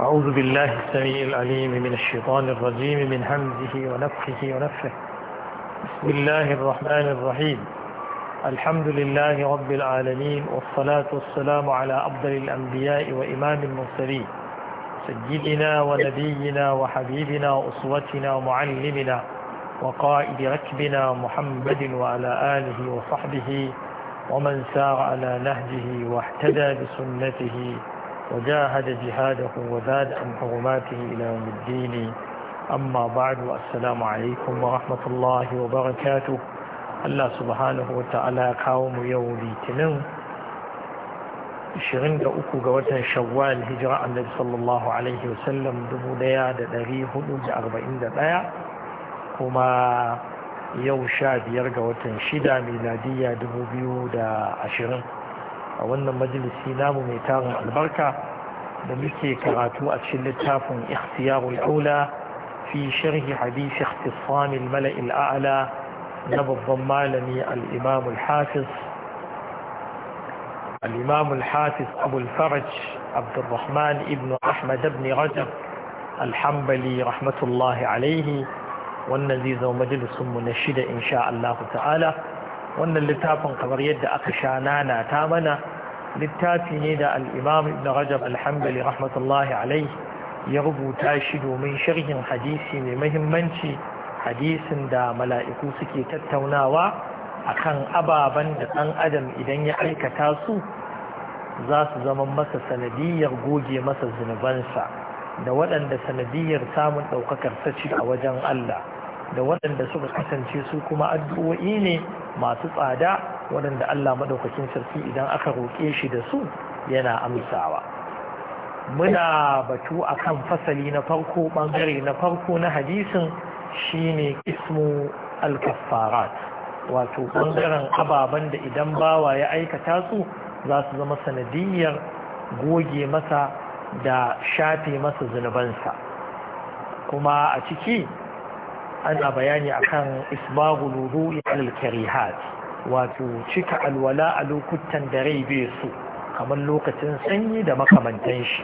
أعوذ بالله السميع العليم من الشيطان الرجيم من همزه ونفخه ونفخه بسم الله الرحمن الرحيم الحمد لله رب العالمين والصلاة والسلام على أفضل الأنبياء وإمام المرسلين سيدنا ونبينا وحبيبنا وأسوتنا ومعلمنا وقائد ركبنا محمد وعلى آله وصحبه ومن سار على نهجه واهتدى بسنته وجاهد جهاده وزاد عن حرماته إلى يوم الدين أما بعد السلام عليكم ورحمة الله وبركاته الله سبحانه وتعالى قوم يوم الاثنين 23 ga watan shawwal hijira annabi sallallahu alaihi wasallam 1441 kuma yau 15 ga watan 6 miladiyya 2020 a wannan majalisi namu mai tarin albarka da muke karatu a cikin littafin ikhtiyarul aula fi sharhi hadisi ikhtisam al-mala'i al-a'la na babban malami al-imam al-hafiz الإمام الحافظ أبو الفرج عبد الرحمن ابن أحمد بن رجب الحنبلي رحمة الله عليه والنزيز ومجلس منشد إن شاء الله تعالى wannan littafin kamar yadda aka sha nana ta mana littafi ne da al'imam ibn rajab alhambali rahmatullahi alai ya rubuta shi domin sharhin hadisi mai mahimmanci hadisin da mala'iku suke tattaunawa a kan ababen da ɗan adam idan ya aikata su za su zama masa sanadiyar goge masa zunubansa da waɗanda sanadiyar samun ɗaukakar saci a wajen Allah da waɗanda suka kasance su kuma addu'o'i ne masu tsada waɗanda Allah maɗaukakin sarki idan aka roƙe shi da su yana amsawa muna batu akan fasali na farko ɓangare na farko na hadisin shine ismu al-kaffarat wato ɓangaren ababen da idan bawa ya aikata su za su zama sanadiyyar goge masa da shafe masa zunubansa kuma a ciki ana bayani akan isbagu wudu'i alal karihat wato cika alwala a lokutan da rai bai so kamar lokacin sanyi da makamantan shi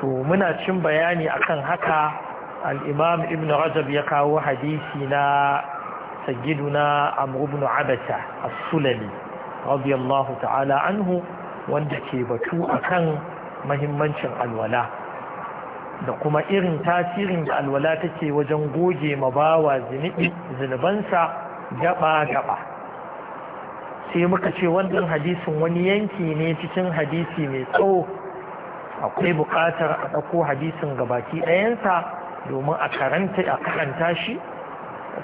to muna cin bayani akan haka al-imam ibn rajab ya kawo hadisi na sayyiduna amr ibn abata as-sulami radiyallahu ta'ala anhu wanda ke batu akan mahimmancin alwala da kuma irin tasirin da alwala take wajen goge ma bawa zunubansa gaba-gaba sai muka ce wannan hadisin wani yanki ne cikin hadisi mai tsawo akwai buƙatar a ɗauko hadisin gabaki ɗayansa domin a karanta a karanta shi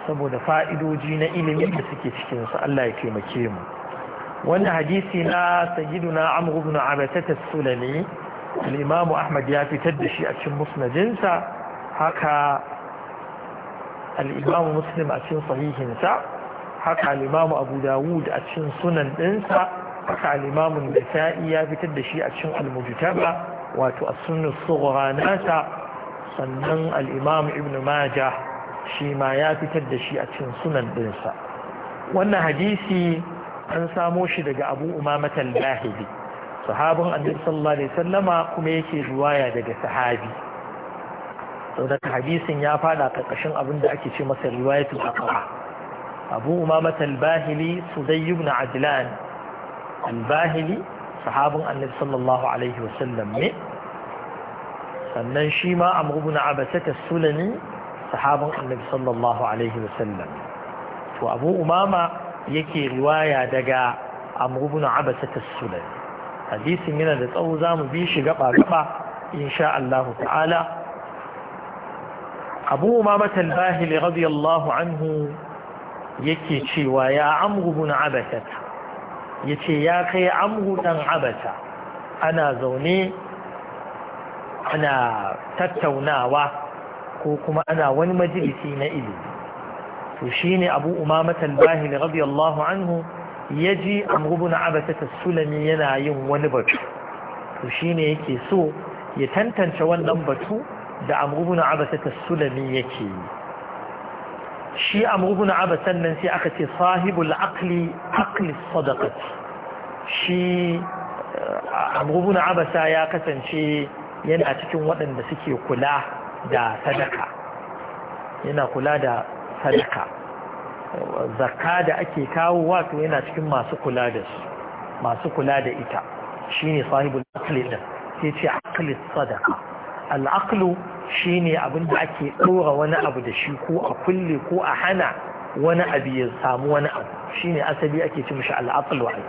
saboda fa'idoji na ilimi da suke su Allah ya taimake mu wannan hadisi na sayyiduna na ibn abatat as al’imamu ahmad ya fitar da shi a cin musnadinsa haka al’imamu muslim a cin sahihinsa haka al’imamu abu dawud a cin sunan ɗinsa haka al’imamu nisa’i ya fitar da shi a cin almujitaba wato a sunan tsoronata sannan al’imamu ibn maja shima ya fitar da shi a cin sunan ɗinsa wannan hadisi an samo shi daga abu umamatan lahidi sahabin annabi sallallahu alaihi sallama kuma yake ruwaya daga sahabi sau da hadisin ya fada karkashin abin da ake ce masa riwayatul aqaba abu umama al-bahili sudayy ibn adlan al-bahili sahabin annabi sallallahu alaihi wasallam ne sannan shi ma amru ibn abasata sulani sahabin annabi sallallahu alaihi wasallam to abu umama yake riwaya daga amru ibn abasata sulani hadisin yana da tsawo za mu bi shi gaba gaba insha Allah ta'ala abu umamata al-bahili radiyallahu anhu yake cewa ya amru bin abata yace ya kai amru dan abata ana zaune ana tattaunawa ko kuma ana wani majalisi na ilimi to shine abu umamata al-bahili radiyallahu anhu ya ji na abata ta sulami yana yin wani batu to shi ne yake so ya tantance wannan batu da na abata ta sulami yake yi shi na abata nan sai aka ce sahibul akli akli sadakat shi eh, na abata ya kasance yana cikin waɗanda suke kula da sadaka yana kula da sadaka Zaka da ake kawo wato yana cikin masu kula da su masu kula da ita shine sahibul aqli din sai ce aqli sadaqa al aqlu shine abin da ake dora wani abu da shi ko a kulle ko a hana wani abu ya samu wani abu shine asali ake ce mishi al aqlu ai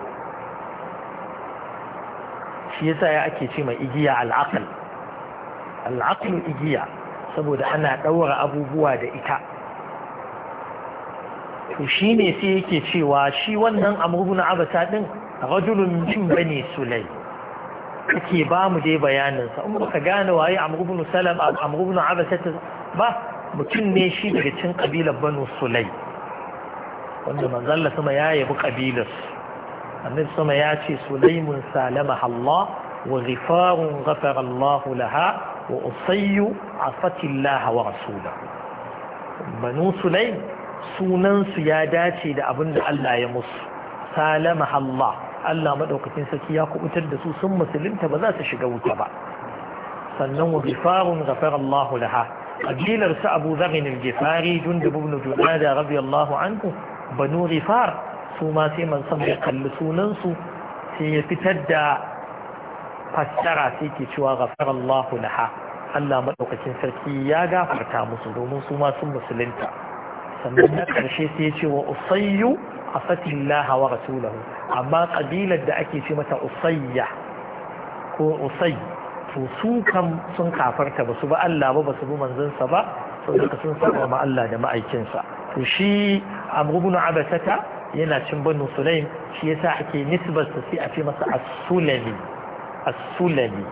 shi yasa ya ake ce mai igiya al aql al aqlu igiya saboda ana daura abubuwa da ita to shi ne sai yake cewa shi wannan Amurbin abata ɗin rajulun jin bane sulai kake ba mu dai bayaninsa in baka gane waye Amurbin salam amurgun abata ba mutum ne shi daga cin kabilar banu sulai wanda manzalla sama ya yabi ƙabilar annabi sama ya ce sulaimun salama Allah wa ghifarun ghafara Allah laha wa usayyu afatillah wa rasulahu banu sulaim sunansu ya dace da abin da Allah ya musu salama Allah Allah maɗaukacin sarki ya kubutar da su sun musulunta ba za su shiga wuta ba sannan wa gifarun gafar Allah laha kabilar su Abu Zarin al-Gifari Jundub ibn Junada radiyallahu anhu banu gifar su ma sai man san ya kalli sunansu sai ya fitar da fassara sai ke cewa gafar Allah laha Allah maɗaukacin sarki ya gafarta musu domin su ma sun musulunta sannan na ƙarshe sai ce wa usayyu laha wa rasulahu amma ƙabilar da ake ce mata usayya ko Usai to su kam sun kafarta ba su ba Allah ba ba su bi manzansa ba saboda sun saba ma Allah da ma'aikinsa to shi amru ibn abasata yana cin banu sulaim shi yasa ake nisbarsa sai a ce masa as-sulami as-sulami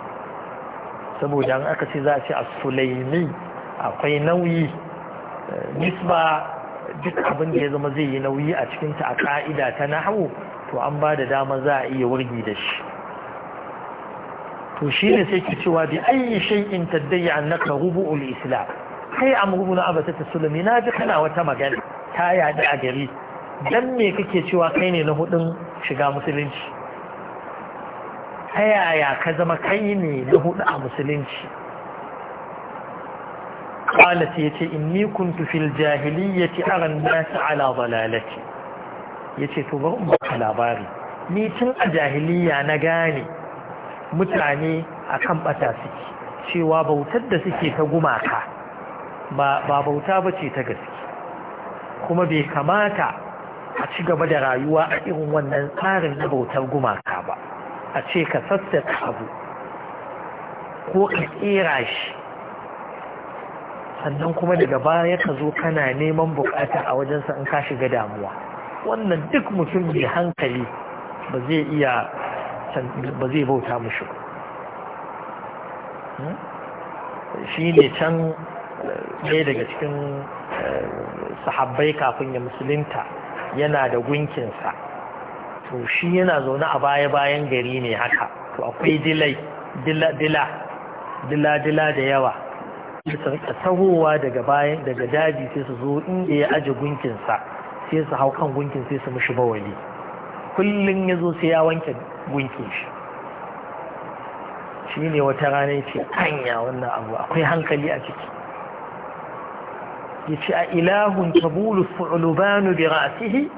saboda an aka ce za a ce as-sulaimi akwai nauyi eh, nisba duk abin da ya zama zai yi nauyi a cikinta a ƙa'ida ta na hau, to an ba da dama za a iya wurgi da shi to shi ne sai ki cewa bi ayi shay'in taddayya annaka rubu'ul islam kai amru na abata sulami na ji kana wata magana ta yada a gari dan me kake cewa kai ne na hudun shiga musulunci ta yaya ka zama kai ne na hudu a musulunci qalat yace inni kuntu fil jahiliyyati ara an-nas ala dalalati yace to ba mu labari ni tun a jahiliyya na gane mutane akan bata suke cewa bautar da suke ta gumaka ba ba bauta bace ta gaske kuma bai kamata a ci gaba da rayuwa a irin wannan tsarin na bautar gumaka ba a ce ka sassa abu ko ka tsira shi sannan kuma daga baya ka zo kana neman bukata a wajensa in ka shiga damuwa wannan duk mutum mai hankali ba zai iya ba zai bauta mushi hmm? shi ne can eh, ɗaya daga cikin eh, sahabbai kafin ya musulunta yana da gunkinsa to shi yana zaune a baya-bayan gari ne haka to akwai dila-dila dila-dila da yawa su tahowa daga bayan daga daji sai su zo inda ya aje gunkinsa sai su hau kan gunkin sai su mishi bawali kullum ya zo sai ya wanke gunkin shi shi ne wata rana ce hanya wannan abu akwai hankali a ciki ya ce a ilahun tabulu fulubanu bi rasihi,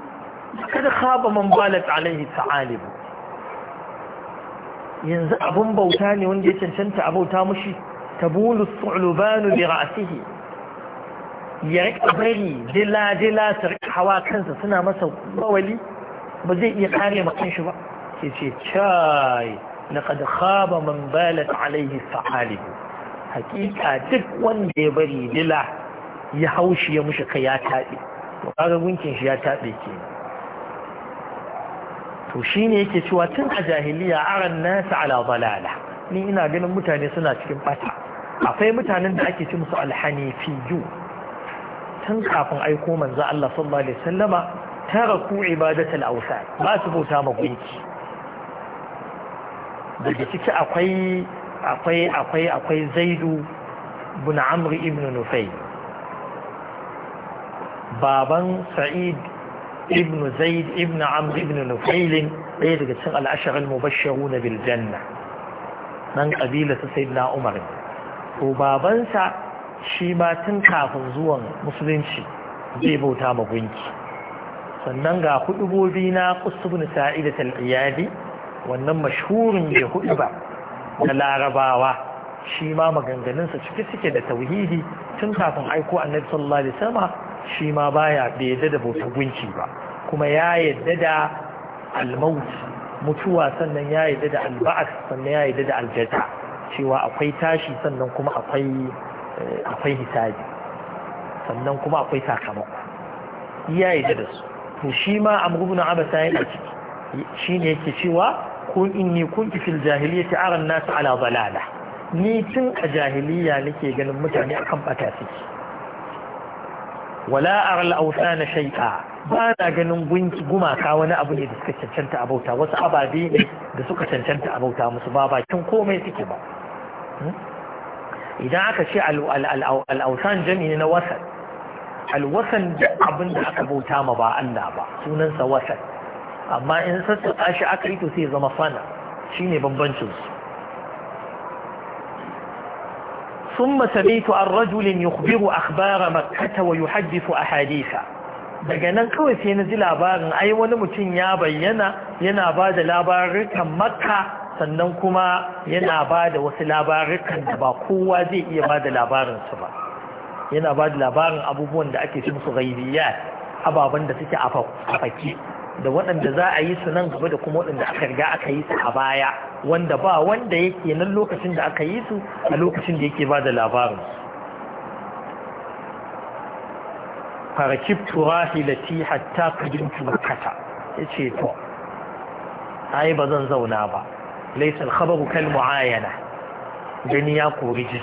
kada khaba man balat alaihi ta'alibu yanzu abun bauta ne wanda ya cancanta a bauta mushi tabulu su'lubanu bi ra'sihi ya rika bari dila dila su rika hawa kansa suna masa bawali ba zai iya kare ma kanshi ba sai ce cai laqad khaba man balat alayhi sa'alib hakika duk wanda ya bari dila ya haushi ya mushi kai ya tabe to kaga gunkin shi ya tabe kenan to shi ne yake cewa tun a jahiliya aran nasa ala balala ni ina ganin mutane suna cikin ɓata. akwai mutanen da ake ci musu alhanifiyu tun kafin aiko manzo Allah sallallahu alaihi wasallama taraku ibadatul awsan ba su bauta ma gunki daga ciki akwai akwai akwai akwai zaidu bin amr ibn nufay baban sa'id ibn zaid ibn amr ibn nufail ɗaya daga cikin al'ashar al-mubashshiruna bil janna nan kabila ta sayyidina umar To babansa shi ma tun kafin zuwan musulunci zai bauta ma gunki sannan ga gobe na kusubun sa'idat al-iyadi wannan mashhurin hudu ba, na larabawa shi ma maganganunsa cike suke da tauhidi tun kafin aiko annabi sallallahu alaihi sama shi ma baya bai yadda da bauta gunki ba kuma ya yadda da al mutuwa sannan ya yadda da al sannan ya yadda da al cewa akwai tashi sannan kuma akwai eh, hisabi sannan kuma akwai sakamako iya yi da su to shi ma amrubun abasa yana ciki shi ne yake cewa kun ni kun jahiliya ta aran nasu ala balala ni tun a jahiliya nake ganin mutane akan bata suke wala aral awsana Shaita ba na ganin gumaka wani abu ne da suka cancanta abauta wasu ababe ne da suka cancanta abauta musu ba bakin komai suke ba idan aka ce al'ausan jami'i na wasan alwasan da abin da aka bauta ma ba Allah ba sunansa wasan amma in sassaƙa shi aka yi to sai zama fana, shine bambancin su ثم سمعت akbara رجل يخبر أخبار مكة a أحاديثا daga nan kawai sai na ji labarin ai wani mutum ya bayyana yana ba da labarin makka sannan kuma yana ba da wasu labarukan da ba kowa zai iya ba da labarinsu ba yana ba da labarin abubuwan da ake cin su gaibiya ababen da suke a da waɗanda za a yi su nan gaba da kuma waɗanda aka riga aka yi su a baya wanda ba wanda yake nan lokacin da aka yi su a lokacin da yake ba da labarin farakib hatta ya ce to ai ba zan zauna ba laysa al-khabaru kal mu'ayana jini ya kori ji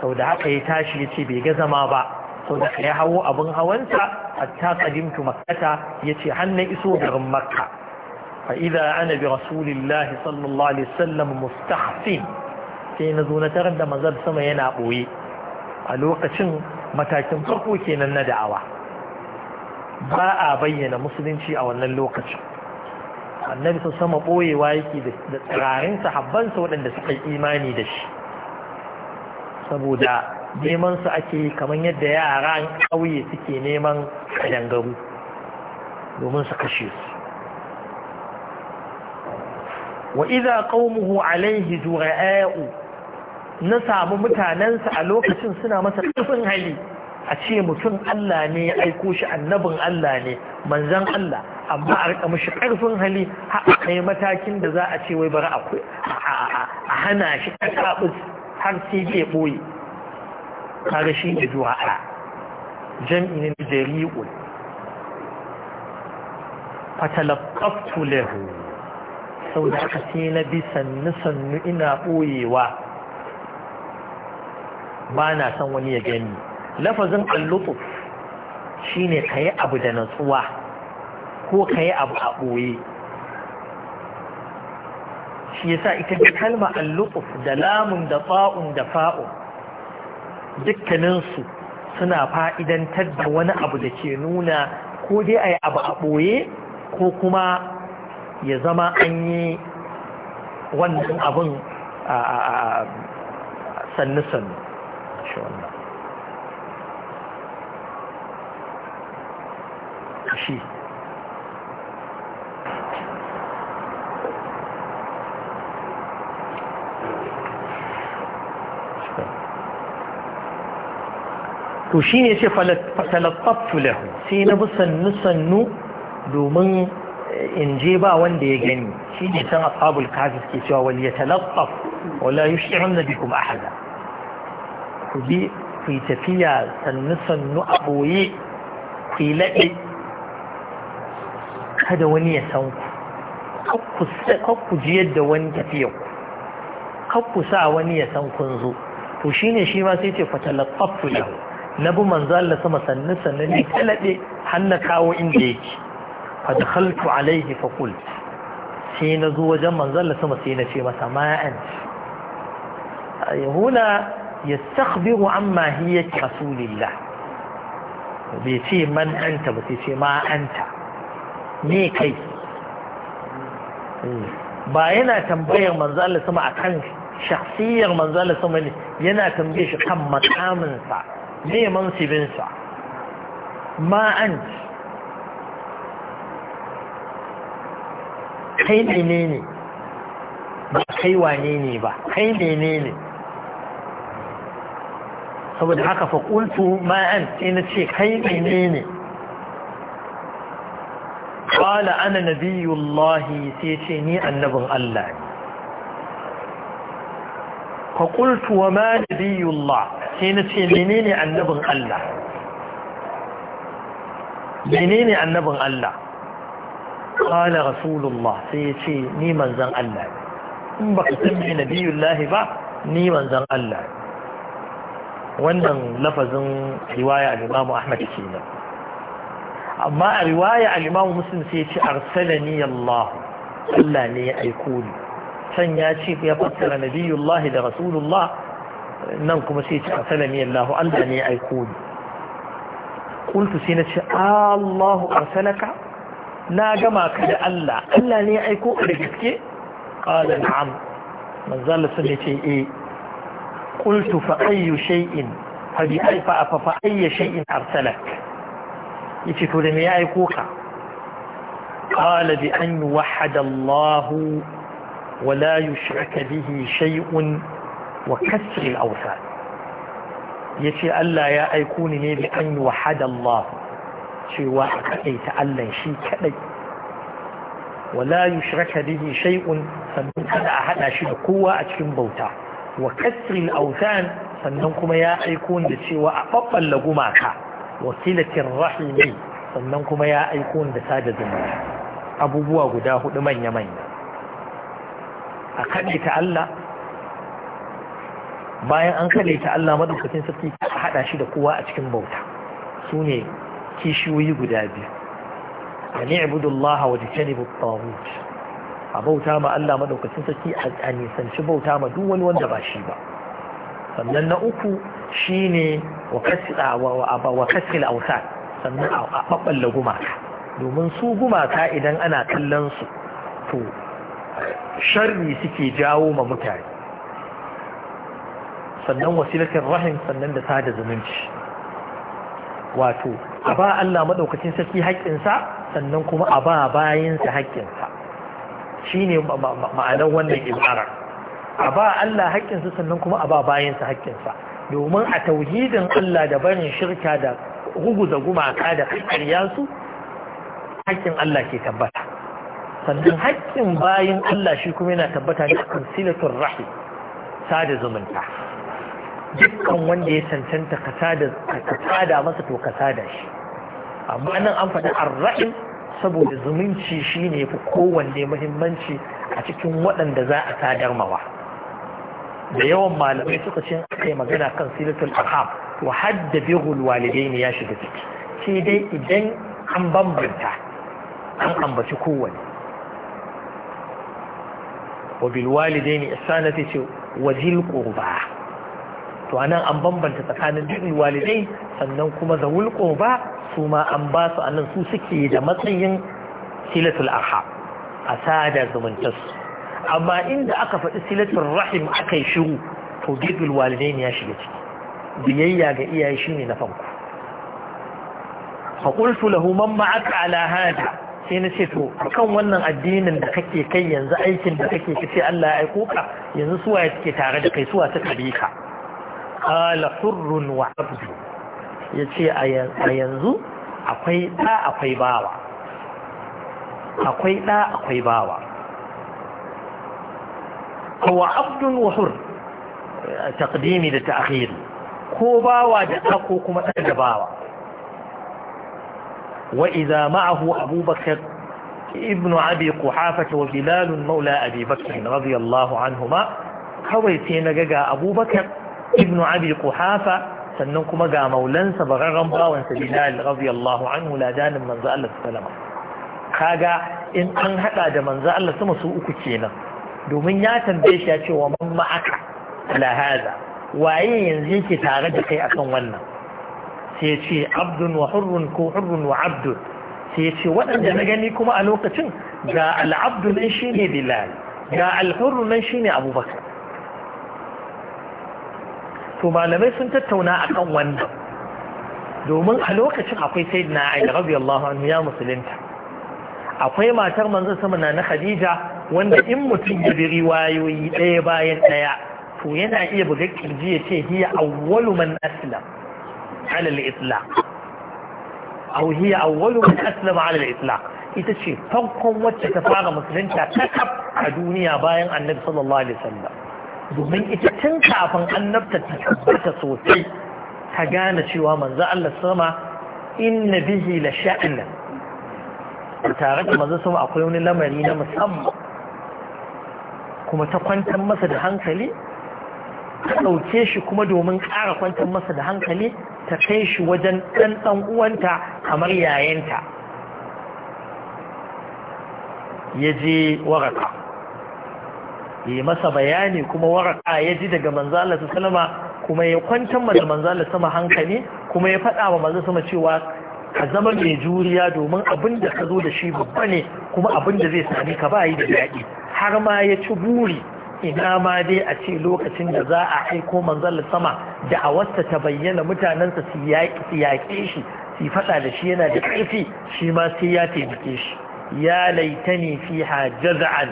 sau da haka ya tashi ya ce bai ga zama ba sau da ya hawo abin hawansa hatta qadimtu makkata yace har na iso garin makka fa idza ana bi rasulillahi sallallahu alaihi wasallam mustahsin sai na zo na tarar da mazar sama yana ɓoye a lokacin matakin farko kenan na da'awa ba a bayyana musulunci a wannan lokacin annabi sun sama ɓoyewa yake da tsirarin sahabbansa waɗanda suka yi imani da shi saboda neman su ake kamar yadda yaran ƙauye suke neman ƙadangaru, domin su kashe su wa iza qaumuhu alaihi zura'u na samu mutanensa a lokacin suna masa ƙarfin hali a ce mutum Allah ne ya aiko shi annabin Allah ne manzon Allah amma a rika mashi karfin hali a kai matakin da za a ce wai bari a hana shi kakabus har sai ke boye kaga shi ne zuwa a jam'in jari'ul fatalaqaftu lahu sau da aka sai na bi sannu sannu ina boyewa ba na son wani ya gani lafazin allutuf shine kayi abu da natsuwa ko ka yi abu a ɓoye shi yasa ita da kalma allukuf da lamun da fa'un da fa'un dukkaninsu suna fa'idantar da wani abu da ke nuna ko dai a yi abu a ɓoye ko kuma ya zama an yi wannan abin a sannu-sannu to shi ne ce fatalattaftu lahu sai na bi sannu-sannu domin in je ba wanda ya gani shi ne san ashabul kafi ke cewa wal ya talattaf wala yushi'un na bikum ahada ku bi ku yi tafiya sannu-sannu a ɓoye ku yi laɗe kada wani ya san ku ku ji yadda wani tafiya ku ku sa wani ya san kun zo to shine shi ma sai ce fatalattaftu lahu na bi manzo Allah sama sannu sannu ne kalaɗe hannu kawo inda yake fa dakhaltu alaihi fa qult sai na zo wajen manzo Allah sama sai na ce masa ma an huna yastakhbiru amma hiya rasulillah bai ce man anta ba sai ce ma anta me kai ba yana tambayar manzo Allah sama akan shakhsiyar manzo Allah sama ne yana tambaye shi kan makamin sa ne mansibinsa ma kai ne ne ba kai wane ne ba kai ne ne saboda haka faƙuntu ma'an sai na ce kai ne ne ƙwala ana nabiyullahi sai ce ni annabin Allah ne fa qultu wa ma nabiyullah sai ce menene annabin Allah menene annabin Allah qala rasulullah sai ya ce ni manzon Allah in baka san me nabiyullah ba ni Allah wannan lafazin riwaya al-Imam Ahmad kenan amma a riwaya al-Imam Muslim sai ya ce arsalani Allah Allah ne ya aiko ni can ya ce ya fassara nabiyullahi da rasulullah nan kuma sai ce asalami Allahu Allah ne aiko ni qultu sai na ce Allahu arsalaka na gama ka da Allah Allah ne aiko da gaske qala na'am manzo Allah sai ce eh kultu fa ayyu shay'in fa bi fa fa ayyu shay'in arsalak yace to da me ya aiko ka qala bi an yuwahhada Allahu ولا يشرك به شيء وكسر الأوثان يشي ألا يا أيكوني لي بأن وحد الله شي واحد أي تألا شي كلي ولا يشرك به شيء فمن أنا أحد أشد قوة أتكن بوتا وكسر الأوثان فمنكم يا أيكون لشي وأقبل لقماك وصلة الرحم sannan kuma ya aiko da sada zumunci abubuwa guda hudu manya-manya a kaɗe ta Allah bayan an kaɗe ta Allah maɗaukacin sarki a haɗa shi da kowa a cikin bauta su ne kishiyoyi guda biyu a ni'budullaha wa a bauta ma Allah madaukakin sarki a nisanci bauta ma duk wani wanda ba shi ba sannan na uku shi ne wa kasila awsan sannan a ɓaɓɓalla gumaka domin su gumaka idan ana kallon su to sharri suke jawo ma mutane sannan wasilatin rahim sannan da ta da zumunci wato a ba Allah maɗaukacin sarki haƙƙinsa sannan kuma a ba bayansa haƙƙinsa shi ne ma'anar wannan ibara a ba Allah haƙƙinsa sannan kuma a ba bayansa haƙƙinsa domin a tauhidin Allah da barin shirka da ruguza gumaka da ƙarƙarya su haƙƙin Allah ke tabbata sannan haƙƙin bayin Allah shi kuma yana tabbata ne akan silatul rahim sada zumunta dukkan wanda ya cancanta ka sada masa to ka sada shi amma nan an faɗi ar-rahim saboda zumunci shine fi kowanne muhimmanci a cikin waɗanda za a sadar mawa da yawan malamai suka ce kai magana kan silatul arham to hadda bihul walidaini ya shiga ciki sai dai idan an bambanta an ambaci kowanne wa bilwalidaini ihsana ta ce wa zil qurba to anan an bambanta tsakanin dukkan walidai sannan kuma zawul qurba su ma an ba su anan su suke da matsayin silatul arha a sada zumuntarsu amma inda aka faɗi silatul rahim aka yi shiru to walidai walidaini ya shiga ciki biyayya ga iyaye shine na farko فقلت له من معك على هذا sai na ce to kan wannan addinin da kake kai yanzu aikin da kake kace Allah ya aiko ka yanzu suwa yake tare da kai suwa ta kare ka qala hurrun wa abdu yace a yanzu akwai da akwai bawa akwai da akwai bawa huwa abdun wa hur taqdimi da ta'khir ko bawa da ko kuma da bawa وإذا معه أبو بكر ابن أبي قحافة وبلال مولى أبي بكر رضي الله عنهما kawai sai na ga abubakar ibn abi kuhafa sannan kuma ga maulansa bararren bawansa bilal radiyallahu anhu ladanin manzo Allah sallama kaga in an hada da manzo Allah sama su uku kenan domin ya tambaye shi ya ce wa man waye yanzu yake tare da kai akan wannan sai ya ce abdun wa hurrun ko hurrun wa abdun sai ya ce waɗanda na gani kuma a lokacin ga al'abdun nan shi ne bilal ga alhurrun nan shi ne abubakar to malamai sun tattauna a kan wannan domin a lokacin akwai sai na ayi rabi Allah anhu ya musulunta akwai matar manzan sama na na khadija wanda in mutum ya bi riwayoyi ɗaya bayan ɗaya to yana iya buga kirji ya ce hiya awwalu man aslam على الإطلاق أو هي أول من أسلم على الإطلاق ita ce farkon wacce ta fara musulunta ta a duniya bayan annabi domin ita tun kafin annabta ta tabbata sosai ta gane cewa manzo Allah sama inna bihi la sha'na tare da manzo sama akwai wani lamari na musamman kuma ta kwantar masa da hankali ta ɗauke shi kuma domin ƙara kwantar masa da hankali ta kai shi wajen ɗan ɗan uwanta kamar yayanta ya je waraka yi masa bayani kuma waraka ya ji daga manzala su salama kuma ya kwantar ma da manzala sama hankali kuma ya faɗa wa manzala sama cewa ka zama mai juriya domin abin da ka zo da shi babba ne kuma abin da zai sami ka ba yi da yaƙi har ma ya ci buri ina ma dai a ce lokacin da za a aiko manzon sama da a wasta ta bayyana mutanensa su yaƙe shi su faɗa da shi yana da ƙarfi shi ma sai ya taimake shi ya laitani fiha jaz'an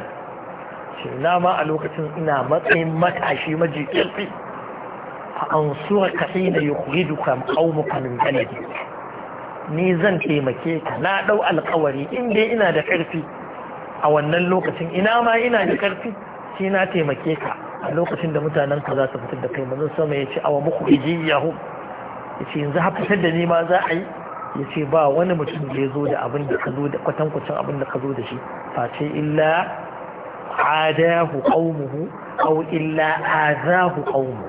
shi na ma a lokacin ina matsayin matashi maji ƙarfi fa ansura ka hina yukhrijuka qaumuka min baladi ni zan taimake ka na ɗau alƙawari in dai ina da ƙarfi a wannan lokacin ina ma ina da ƙarfi shi na taimake ka a lokacin da mutanen ka za su fitar da kai mazan sama ya ce awa muku ijiyahum ya ce yanzu ha da ni ma za a yi ya ce ba wani mutum da ya zo da abin da ka zo da kwatankwacin abin da ka zo da shi face illa adahu qaumuhu aw illa azahu qaumu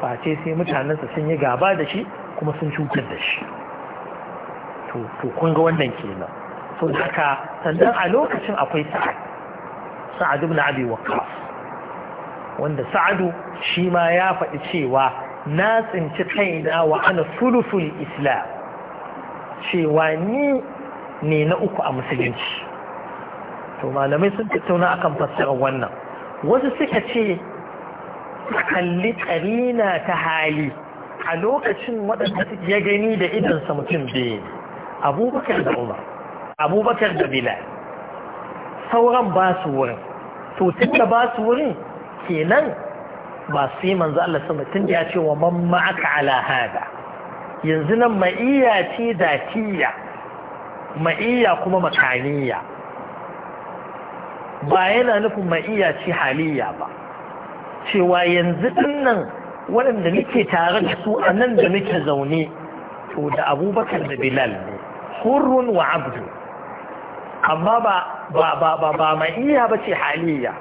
face sai mutanen sa sun yi gaba da shi kuma sun cutar da shi to kun ga wannan kenan so haka sannan a lokacin akwai sa'ad sa'ad ibn abi waqqas wanda sa'adu shi ma ya faɗi cewa na tsinci kaina wa ana sulusul islam cewa ni ne na uku a musulunci to malamai sun tattauna akan fassara wannan wasu suka ce kalli ƙarina ta hali a lokacin waɗanda ya gani da idansa mutum biyu abubakar da umar abubakar da bilal sauran ba su wurin to tun da ba su wurin kenan ba yi manzo Allah sama tun ya ce wa man ma'aka ala hada yanzu nan ma'iya ce datiya ma'iyya kuma makaniya ba yana nufin ma'iya ce haliya ba cewa yanzu dinnan waɗanda nake tare da su a nan da nake zaune to da abubakar da bilal ne hurun wa abdu amma ba ba ba ba ba ba ce haliya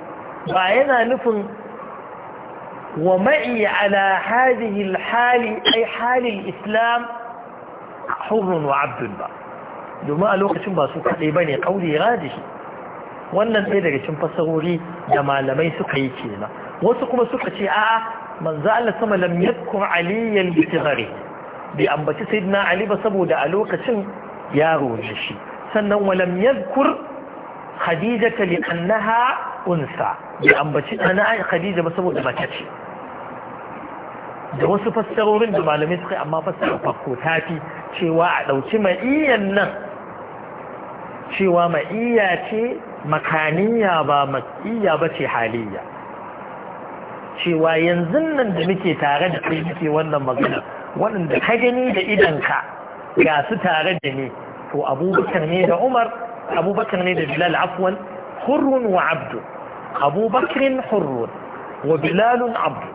ba yana nufin wa ma'i ala hadihi ai halin islam hurrun wa abdun ba domin a lokacin ba su kaɗai ba ne ƙauri radi. wannan ɗaya daga cikin fasarori da malamai suka yi kenan wasu kuma suka ce a'a manzo Allah sama lam yakun aliyan bi tigari bi ambaci sayyidina ali ba saboda a lokacin yaro ne shi sannan walam yadkur Khadija li annaha unsa bi ambaci ana khadija ba saboda mace da wasu fassarorin da malamai suka amma fassarar farko ta fi cewa a ɗauki ma'iyyan nan cewa ma'iyya ce makaniya ba ma'iyya ba ce haliyya cewa yanzun nan da muke tare da kai wannan magana waɗanda ka gani da idanka ga su tare da ni to abubakar ne da umar abubakar ne da bilal afwan hurrun wa abdu abubakarin hurrun wa bilalun abdu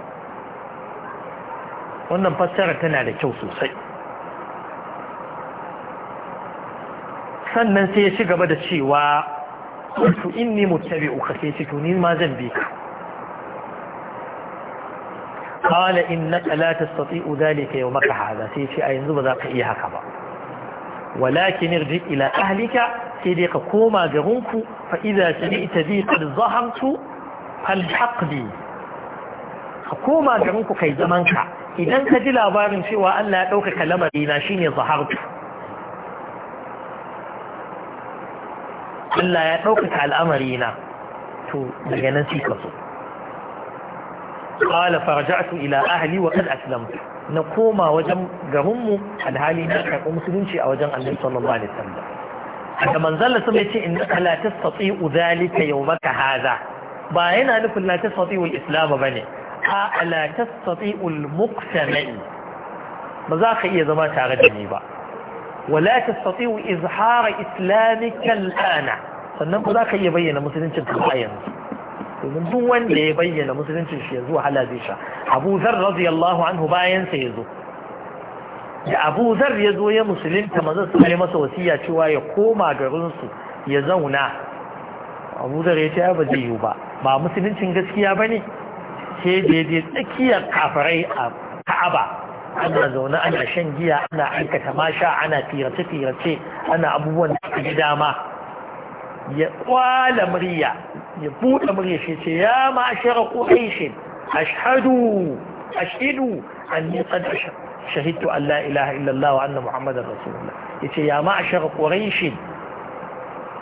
wannan fassara tana da kyau sosai sannan sai ya ci gaba da cewa kuntu inni muttabi'uka sai ce tuni ma zan bi ka قال إنك لا تستطيع ذلك يومك هذا سيشي أي نزب ذاك إيهاك بقى walakin irji ila ahlika sai dai ka koma garinku fa idza sami'ta bi qad zahamtu fal haqbi ka koma garinku kai zaman idan ka ji labarin cewa Allah ya dauka lamari na shine zahartu Allah ya ɗaukaka al'amarina, to ka qala faraja'tu ila ahli wa qad aslamtu na koma wajen garinmu alhali na karɓi musulunci a wajen annabi sallallahu alaihi wasallam da manzalla sama yace in la tastati'u dhalika yawmaka hadha ba yana nufin la tastati'u al-islam bane a la tastati'u al-muqtama'i ba za ka iya zama tare da ni ba wala tastati'u izhara islamika al-ana sannan ba za ka iya bayyana musuluncin ka domin duk wanda ya bayyana musuluncin shi yanzu wahala halaze sha abu zar radiyallahu anhu bayan sa zo. da abu zar ya zo ya musulunta maza su kai masa wasiya cewa ya koma garin su ya zauna abu zar ya ce ba zai ba ba musuluncin gaskiya ba ne sai daidai tsakiyar kafirai a ka'aba ana zaune ana shan giya ana aikata masha ana firace-firace ana abubuwan da dama ya kwala murya ya buɗe murya shi ce ya ma ma'ashara quraish ashhadu ashhadu anni qad shahidtu an la ilaha illallah wa anna muhammadar rasulullah yace ya ma'ashara quraish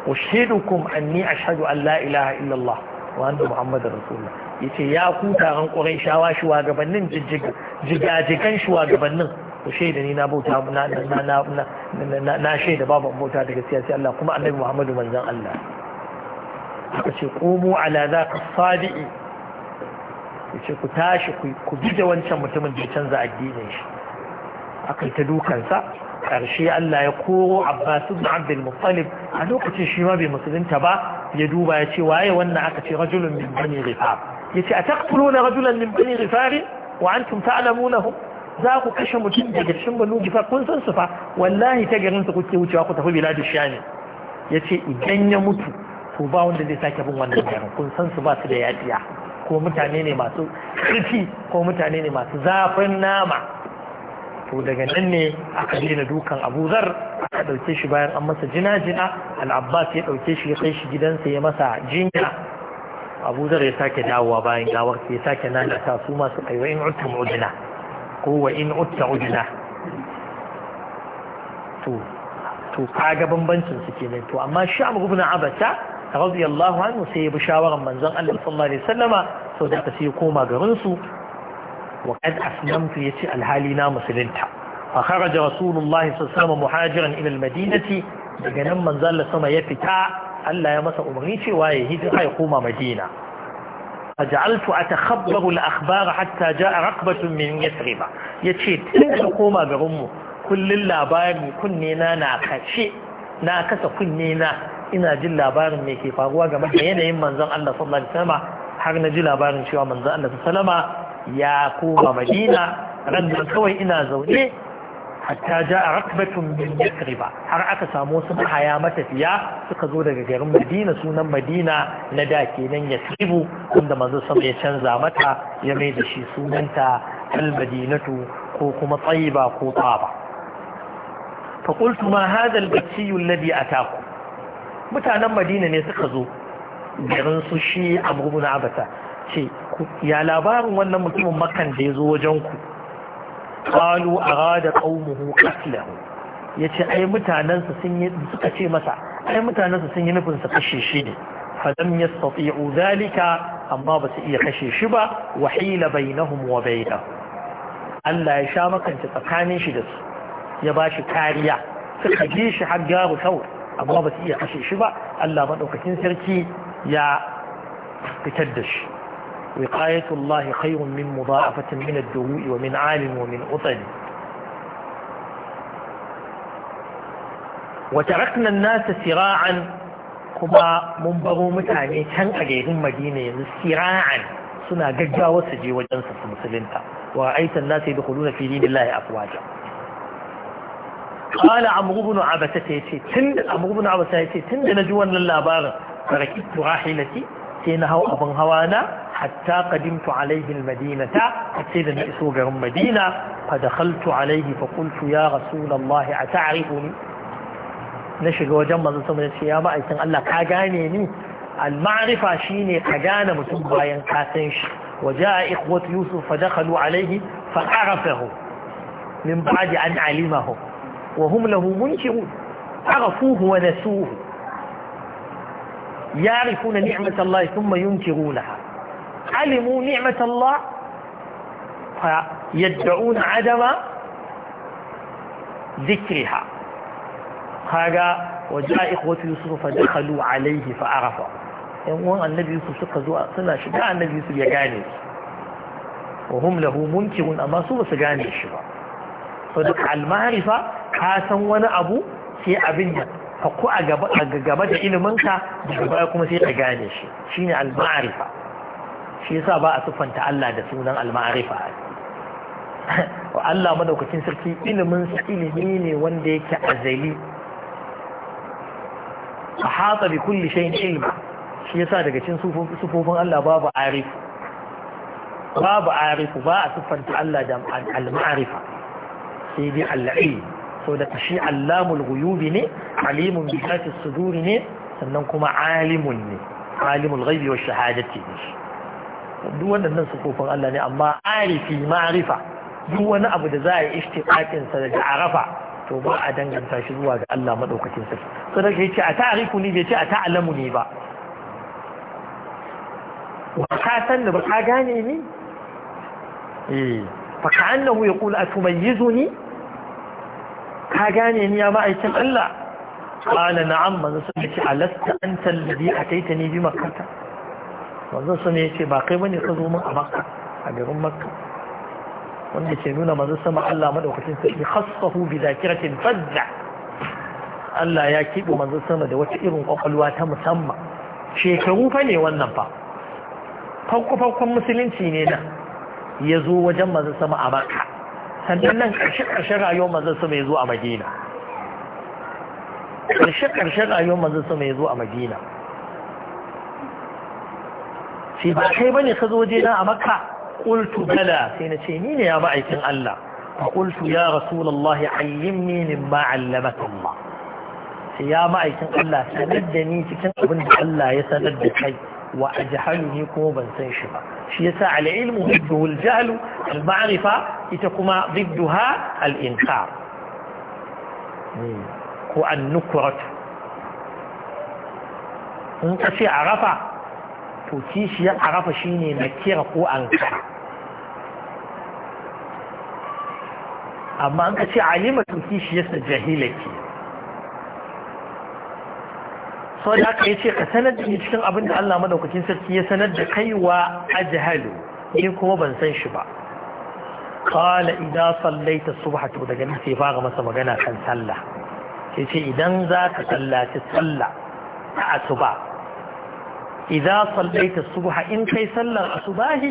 أشهدكم أني أشهد أن لا إله إلا الله وأن محمد رسول الله yace ya ku taron ƙurayshawa shugabannin jigajigan shugabannin ku shaida ni na bauta na na na na shaida babu bauta daga siyasi Allah kuma annabi Muhammadu manzon Allah aka ce komo ala za ka sadi'i ya ce ku tashi ku bi da wancan mutumin da ya canza addinin shi aka yi ta dukansa ƙarshe Allah ya koro Abbas ibn Abdul Muttalib a lokacin shi ma bai musulunta ba ya duba ya ce waye wannan aka ce rajulun min bani rifar ya ce a taqtuluna rajulan min bani rifar wa antum ta'lamunahu za ku kashe mutum daga cikin banu gifar kun san su fa wallahi ta garin su kuke wucewa ku tafi biladu shani ya ce idan ya mutu to ba wanda zai sake bin wannan yaron kun san su ba su da yadiya ko mutane ne masu ƙarfi ko mutane ne masu zafin nama to daga nan ne aka daina dukan abuzar aka ɗauke shi bayan an masa jina-jina al'abbas ya ɗauke shi ya kai shi gidansa ya masa jinya abuzar ya sake dawowa bayan gawar ya sake nanata su masu aiwa in utta mu'udina ko wa in utta ujina to to kaga bambancin su kenan to amma sha'am ibn abata radiyallahu anhu sai ya bi shawaran manzon Allah sallallahu alaihi da sai ya ce alhali na musulunta A kharaja rasulullahi sallallahu alaihi wasallam muhajiran ila almadinati daga nan manzon Allah sama ya fita Allah ya masa umarni cewa ya hijira koma Madina فجعلت أتخبر الأخبار حتى جاء رقبة من يثرب يتشيت كوما برمو كل الله باير كننا ناكشي ناكس كننا ina jin labarin me ke faruwa game da yanayin manzon Allah sallallahu alaihi wasallam har na ji labarin cewa manzon Allah sallama ya koma Madina ran da kawai ina zaune hatta a rakbatun min Yathriba har aka samu wasu mahaya matafiya suka zo daga garin Madina sunan Madina na da kenan Yathribu wanda manzon sama ya canza mata ya mai da shi sunanta Al-Madinatu ko kuma tsayiba ko Taba فقلت ما هذا البكي a taku. mutanen madina ne suka zo garin su shi amurbu abata ce ya labarin wannan mutumin makan da ya zo wajen ku qalu ƙaunuhu qaumuhu Ya ce ai mutanansa sun yi suka ce masa ai mutanansa sun yi nufin su kashe shi ne fadam lam yastati'u zalika amma ba su iya kashe shi ba wahila hila bainahum wa da. Allah ya sha makanta tsakanin shi da su ya bashi kariya suka ji shi har garu kawai amma basu su iya kashe shi ba Allah maɗaukakin sarki ya fitar da shi wiqayatul lahi khayrun min mudha'afatin min mina duhui wa min 'alim wa min utal wa tarakna nasa sira'an kuma mun baro mutane can a gaidin madina yanzu sira'an suna gaggawa suje wajen su musulunta wa aita an-nasa yadkhuluna fi dinillahi afwaja kala amurubunan abata ta yi ce tun da na ji wannan labarin sarki turahilati sai na hau abin hawa na hatta kadimtu alaihi madinata a da na iso garin madina fada khaltu alaihi fa ya rasulan mahi a ta'arifu na shiga wajen mazan sama da ce ya allah ka gane ni al-ma'arifa shine ka gane mutum bayan kasan shi waje a ikwatu yusuf fada alaihi fa ƙarafa hu min ba'adi an alima وهم له منكرون عرفوه ونسوه يعرفون نعمة الله ثم ينكرونها علموا نعمة الله فيدعون عدم ذكرها هذا وجاء إخوة يوسف فدخلوا عليه فعرفوا يقول النبي يوسف سقى زوء سنة شجاع النبي يوسف يقاني وهم له منكر أما سوى سقاني الشباب صدق على المعرفة ka san wani abu sai abin da ka ku a gaba da iliminka da gaba kuma sai ka gane shi Shi ne alma'arifa, shi yasa ba a siffanta Allah da sunan alma'arifa. Wa Allah madaukakin sarki ilimin sa ilimi ne wanda yake azali ahata bi kulli shay'in ilma shi yasa daga cikin sufofin Allah babu arif babu arif ba a siffanta Allah da alma'arifa sai dai al-ilm so da shi allamul ghuyubi ne alimun bi suduri ne sannan kuma alimun ne alimul ghaibi wa shahadati ne duk wannan sufofin Allah ne amma arifi ma'rifa duk wani abu da za a yi ishtiqaqin sa daga arafa to ba a danganta shi zuwa ga Allah madaukakin sarki so da yake a ta'rifu ne bai ce a ta'lamu ne ba wa ka san da ba ka gane ni eh fa ka'annahu yaqulu atumayyizuni ka gane ni ya ma'aikin Allah qala na'am manzo sun ce alasta anta alladhi ataitani bi makkah manzo sun ce ba kai bane ka zo min a makka a garin makka wanda ke nuna manzo sama Allah madaukakin sarki khassahu bi zakiratin fazza Allah ya kiɓe manzo sama da wata irin kwakwalwa ta musamman shekaru fa ne wannan fa farko-farkon musulunci ne na ya zo wajen manzo sama a makka sannan nan ƙarshe-ƙarshen rayuwar manzon sama ya zo a madina ƙarshe-ƙarshen rayuwar manzon su ya zo a madina sai ba kai bane ka zo na a makka qultu bala sai na ce ni ne ya ma'aikin Allah fa qultu ya rasulullahi ayyimni mimma 'allamaka Allah sai ya ma'aikin Allah sanar da ni cikin abin da Allah ya sanar da kai كوبا كما بنسنشب شيسا العلم ضده الجهل المعرفة إتكما ضدها الإنكار هو النكرة أنت شي عرفة تتيشي عرفة شيني نكير هو أنكار أما أنت شي علمة تتيشي يسا جهيلتي sau da aka yi ce ka sanar da ni cikin abin da Allah madaukakin sarki ya sanar da kai wa ajhalu ni kuma ban san shi ba qala idza sallaita subha to daga nan sai fara masa magana kan sallah sai ce idan za ka sallaci sallah ta asuba idza sallaita subha in kai sallar asubahi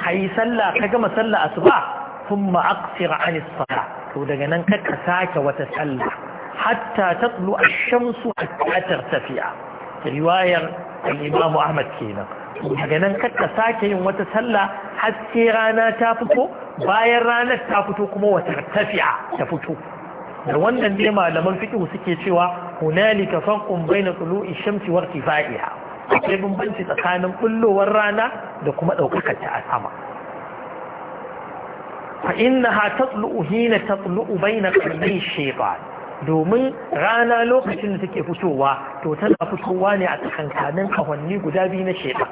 kai sallah ka gama sallar asuba thumma aqsir an as-salah to daga nan ka sake wata sallah hatta tatlu ash-shamsu hatta tartafi'a riwayar al Ahmad kenan daga nan ka sake yin wata sallah haske rana ta fito bayan ranar ta fito kuma wata tafiya ta fito da wannan ne malaman fiqh suke cewa hunalika farqun baina tulu'i shamsi wa irtifaiha akwai bambanci tsakanin kullowar rana da kuma daukar ta a sama fa innaha tatlu'u hina tatlu'u baina qalbi shaytan domin rana lokacin da take fitowa to tana fitowa ne a tsakankanin kahonni guda biyu na shaitan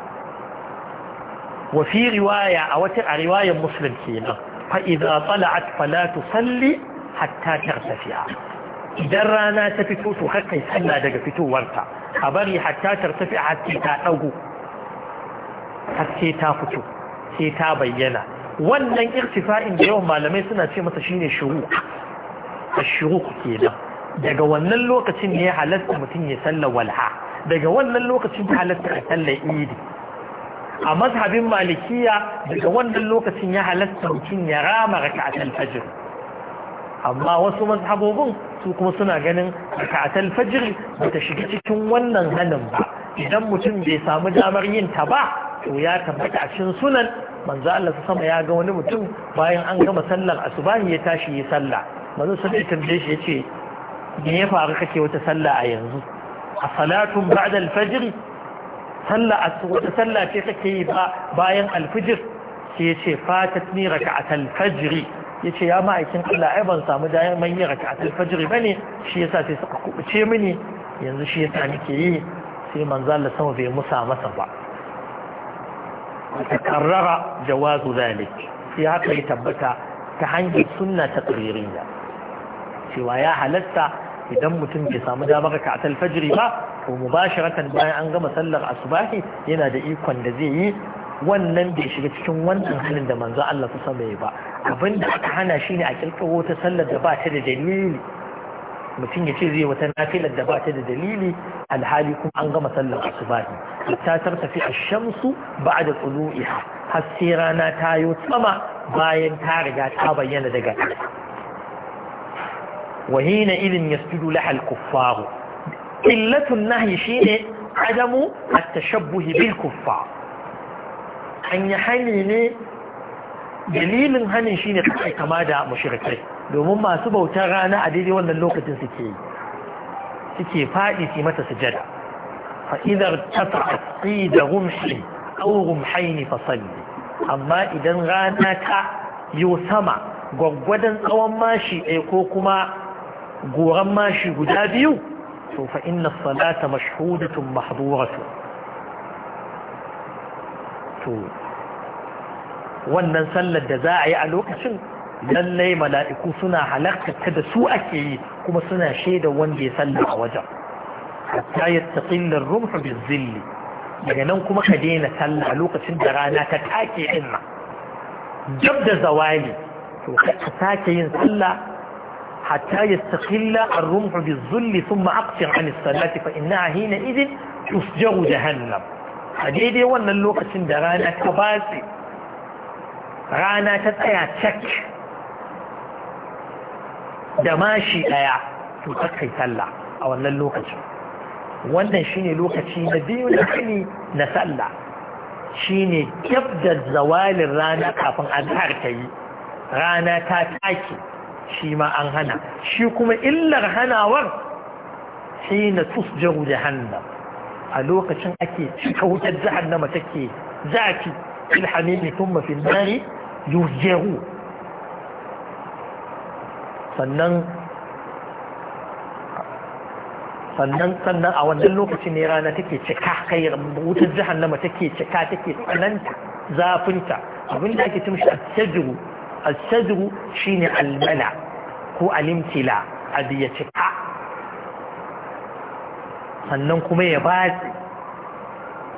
Wafi riwaya a wata a riwayar muslim kenan fa idza tala'at fala salli, hatta tafiya. idan rana ta fito to har sallah daga fitowarta a bari hatta tartafi'a hatta ta dago hatta ta fito sai ta bayyana wannan irtifa'in da yawan malamai suna ce masa shine shuru ashruk kenan daga wannan lokacin ne ya halatta mutum ya salla walha daga wannan lokacin ya halatta ya salla idi a mazhabin malikiya daga wannan lokacin ya halatta mutum ya rama raka'atul fajr amma wasu mazhabobin su kuma suna ganin raka'atul fajr bata shiga cikin wannan hanin ba idan mutum bai samu damar yin ta ba to ya tabbata a cikin sunan manzo Allah sama ya ga wani mutum bayan an gama sallar asubahi ya tashi ya sallah manzo sun ya tambaye shi yace me ya faru kake wata sallah a yanzu a salatun ba'da al-fajr sallah wata sallah ce kake yi bayan al-fajr sai yace fatat ni rak'at al-fajr yace ya ma'aikin Allah ai ban samu daman yin rak'at al-fajr bane shi yasa sai suka kubuce mini yanzu shi yasa nake yi sai manzo Allah sama bai musa masa ba takarrara jawazu zalik sai haka ya tabbata ta hanyar sunna ta tsiririya cewa ya halasta idan mutum bai samu damar ka fajiri ba shi mubasharatan bayan an gama sallar asubahi yana da ikon da zai yi wannan bai shiga cikin wancan halin da manzo Allah ta sama ba abin da aka hana shi ne a kirkiro ta sallar da ba ta da dalili mutum ya ce zai wata nafilar da ba ta da dalili alhali kuma an gama sallar asubahi ta tartafi a shamsu ba'da da har sai rana ta yi sama bayan ta riga ta bayyana daga ƙasa Wahina hina idin yasjudu lahal kuffaru illatun nahi shine adamu a tashabbuhi bil kuffar an hani ne dalilin hanin shine kai kama da mushrikai domin masu bautar rana a daidai wannan lokacin suke yi faɗi su mata sujada fa idar da rumhi aw rumhain fa salli amma idan rana ta yi sama gwaggwadon tsawon mashi ɗaya ko kuma goran mashi guda biyu to fa inna salata mashhudatun mahduratu to wannan sallar da za a yi a lokacin lallai mala'iku suna halarta ta da su ake yi kuma suna shaida wanda ya sallar a wajen hatta ya taƙillar rumhu bi zilli daga nan kuma ka daina sallar a lokacin da rana ta take ɗin jab da zawali to ka sake yin sallah حتى يستقل الرمح بالذل ثم أقصر عن الصلاة فإنها حينئذ تفجر جهنم حديدي وانا اللوقة رانا كباسي رانا تتأيا تك دماشي أيا تتكي سلا أو أن اللوقة وانا شيني لوقة شيني ديو لحني نسلا شيني يبدأ زوال الرانا كافن أزهر تي رانا تتاكي shi ma an hana shi kuma illar hanawar hina tusjaru hannu. a lokacin ake cika wutar jahannama take zafi fil hamimi thumma fil nari yusjaru sannan sannan sannan a wannan lokacin ne rana take cika kai wutar jahannama take cika take tsananta zafinta abinda ake tumshi a tajiru السدر شين ko هو الامتلاع أبي يتقع sannan kuma ya batsi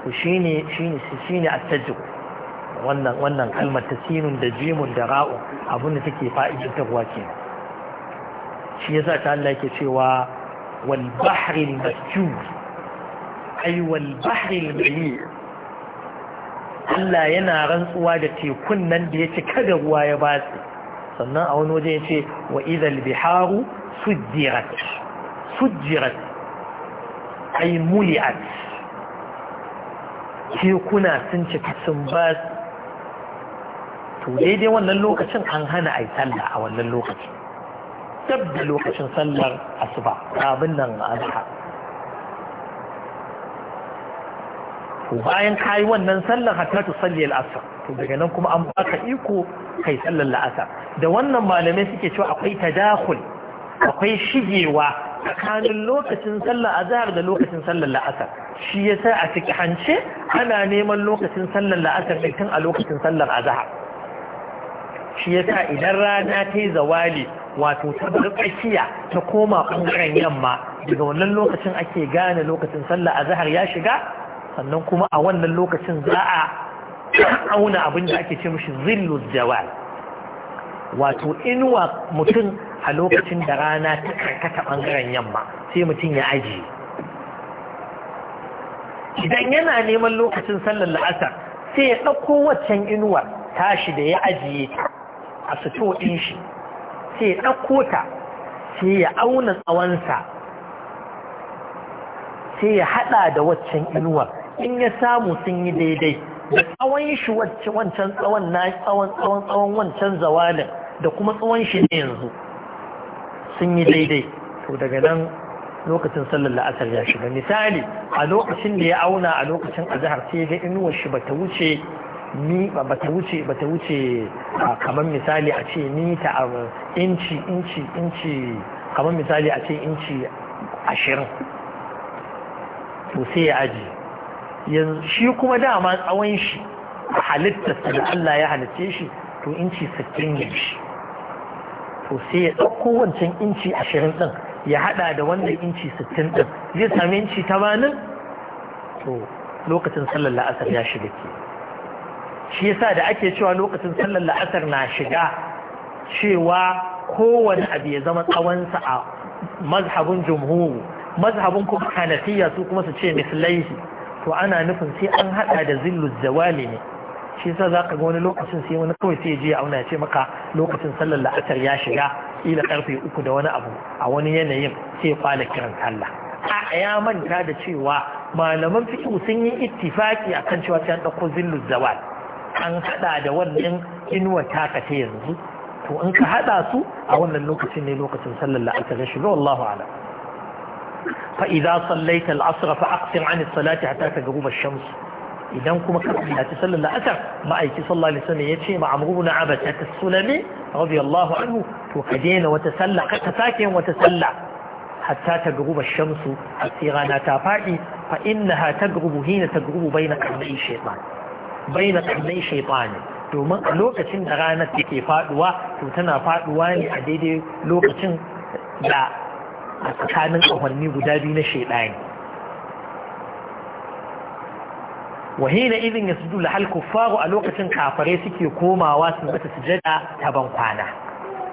to shine shine shine at-tajru wannan wannan kalmar ta sinun da jimun da ra'u abin da take fa'idin ta ruwa ke shi yasa ta Allah yake cewa wal bahri al-masjud ay wal bahri al-mayyit Allah yana rantsuwa da tekun nan da ya cika da ruwa ya ba su. sannan a wani waje ya ce wa idal biharu sujjirat sujjirat ay muli'at tekuna sun cika sun ba su. to daidai wannan lokacin an hana ai sallah a wannan lokacin dab da lokacin sallar asuba abin nan azhar to bayan ka yi wannan sallar hatta tu salli al'asar to daga nan kuma an baka iko kai sallar la'asar da wannan malamai suke cewa akwai tadakhul akwai shigewa tsakanin lokacin sallar azhar da lokacin sallar la'asar shi sa a ciki hance ana neman lokacin sallar la'asar ne tun a lokacin sallar azhar shi sa idan rana ta yi zawali wato ta bar tsakiya ta koma ɓangaren yamma daga wannan lokacin ake gane lokacin sallar azhar ya shiga sannan kuma a wannan lokacin za a auna abin da ake ce mishi zillu jawal wato inuwa mutum a lokacin da rana ta karkata bangaren yamma sai mutum ya ajiye idan yana neman lokacin sallar la'asar sai ya ɗauko waccan inuwar tashi da ya ajiye ta a suto ɗin shi sai ya ɗauko ta sai ya auna tsawonsa sai ya haɗa da waccan inuwar in ya samu sun yi daidai da tsawon shi wancan tsawon na tsawon tsawon tsawon wancan zawalin da kuma tsawon shi ne yanzu sun yi daidai to daga nan lokacin sallar la'asar ya shiga misali a lokacin da ya auna a lokacin azahar sai ga inuwar shi bata wuce ni ta wuce ta wuce kamar misali a ce mita ta inci inci inci kamar misali a ce inci ashirin to sai ya aji yanzu shi kuma dama tsawon shi halittarsa da Allah ya halitta shi to inci sittin ne shi to sai ya ɗauko wancan inci ashirin ɗin ya hada da wannan inci sittin ɗin zai sami inci tamanin to lokacin sallar la'asar ya shiga ke shi yasa da ake cewa lokacin sallar la'asar na shiga cewa kowane abu ya zama tsawonsa a mazhabin jumhur mazhabin kuma hanafiya su kuma su ce mislaihi to ana nufin sai an hada da zillu zawali ne shi yasa za ka ga wani lokacin sai wani kawai sai je ya auna ya ce maka lokacin sallar la'asar ya shiga ila karfe uku da wani abu a wani yanayin sai ya kwana kiran sallah a ya manta da cewa malaman fiqh sun yi ittifaki akan cewa sai an dauko zillu zawal an hada da wannan inuwa ka ta yanzu to in ka hada su a wannan lokacin ne lokacin sallar la'asar ya shiga wallahu a'lam فإذا صليت العصر فأقسم عن الصلاة حتى تغرب الشمس idan kuma ka ya ci sallar la'asar ma'aiki sallah ne ya ce ma'amuru na abata ta sulami rabi allahu anhu to ka daina wata sallah ka sake yin wata sallah hatta ta gruba shamsu a ta faɗi fa inna ha ta gruba hina ta gruba bai na karnai shaitan bai na karnai shaitan domin a lokacin da ranar take faɗuwa, to tana faɗuwa ne a daidai lokacin da a tsakanin ƙahonni guda biyu na ne. wahina idin ya sujudu lahal kuffaru a lokacin kafare suke komawa sun mata sujada ta ban kwana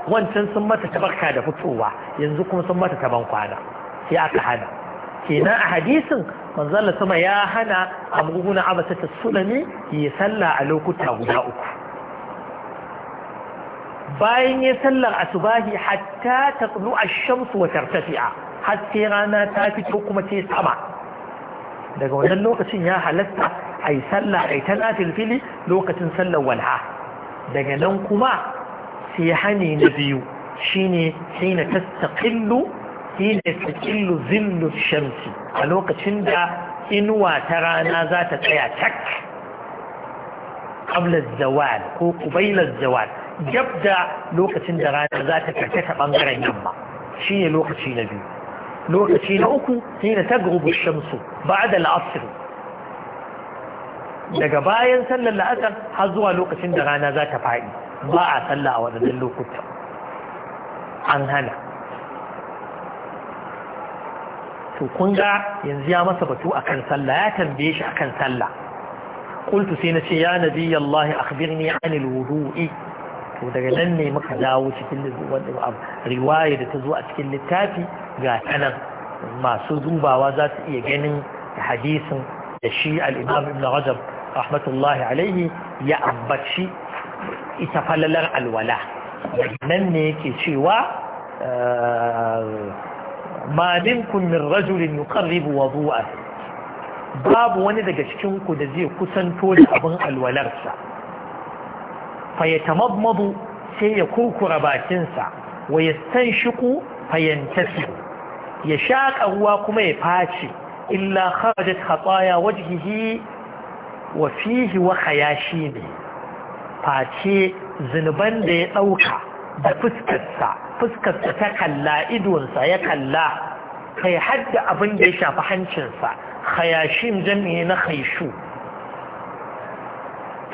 wancan sun mata tabarka da fitowa yanzu kuma sun mata ta ban kwana sai aka hana kenan a hadisin manzala sama ya hana amruguna abasa ta sulami ya salla a lokuta guda uku bayan ya sallar asubahi hatta ta tsulu a shamsu wa tartafi'a haske rana ta fito kuma sai sama daga wannan lokacin ya halatta a yi sallah a yi ta fili lokacin sallar walha daga nan kuma sai hani na biyu shine hina tastaqillu hina tastaqillu zillu shamsi a lokacin da inuwa ta rana za ta tsaya tak qabla zawal ko qabila zawal gab da lokacin da rana za ta karkata bangaren yamma shine lokaci na biyu lokaci na uku ta tagrubu shamsu ba'da al-asr daga bayan sallar la'asar har zuwa lokacin da rana za ta faɗi ba a sallah a waɗannan lokuta an hana to kun ga yanzu ya masa batu akan sallah ya tambaye shi akan sallah qultu sai na ce ya nabiyyi Allah akhbirni 'anil wudu'i to daga nan ne muka dawo cikin riwaya da ta zo a cikin littafi ga kanan masu dubawa za su iya ganin hadisin da shi al'imam ibn rajab rahmatullahi alaihi ya ambaci ita falalar alwala nan ne yake cewa ma minkum min rajulin yuqarribu wudu'a babu wani daga cikin ku da zai kusanto da abin alwalarsa fayatamadmadu sai ya kurkura bakinsa wa yastanshiqu fayantasibu ya shaƙa ruwa kuma ya face, illa kharajat khataya wajhihi wa fihi wa khayashi ne face zunuban da ya ɗauka da fuskarsa fuskarsa ta kalla idonsa ya kalla kai hadda abin da ya shafi hancinsa khayashim jam'i na khaishu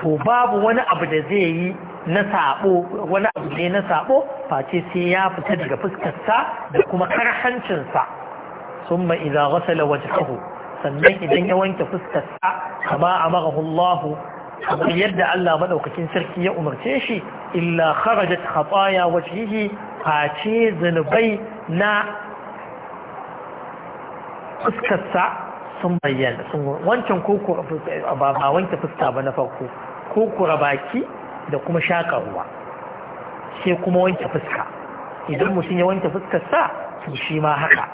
to babu wani abu da zai yi na sabo wani abu ne na sabo face sai ya fita daga fuskarsa da kuma karhancinsa summa idza ghasala wajhahu sannan idan ya wanke fuskarsa kama amarahu Allah kamar yadda Allah madaukakin sarki ya umarce shi illa kharajat khataya wajhihi face zanubai na fuskarsa sun bayyana sun wancan koko ba wanke fuska ba na farko kukura baki da kuma shaƙa ruwa sai kuma wanke fuska idan mutum ya wanke fuskar sa to shi ma haka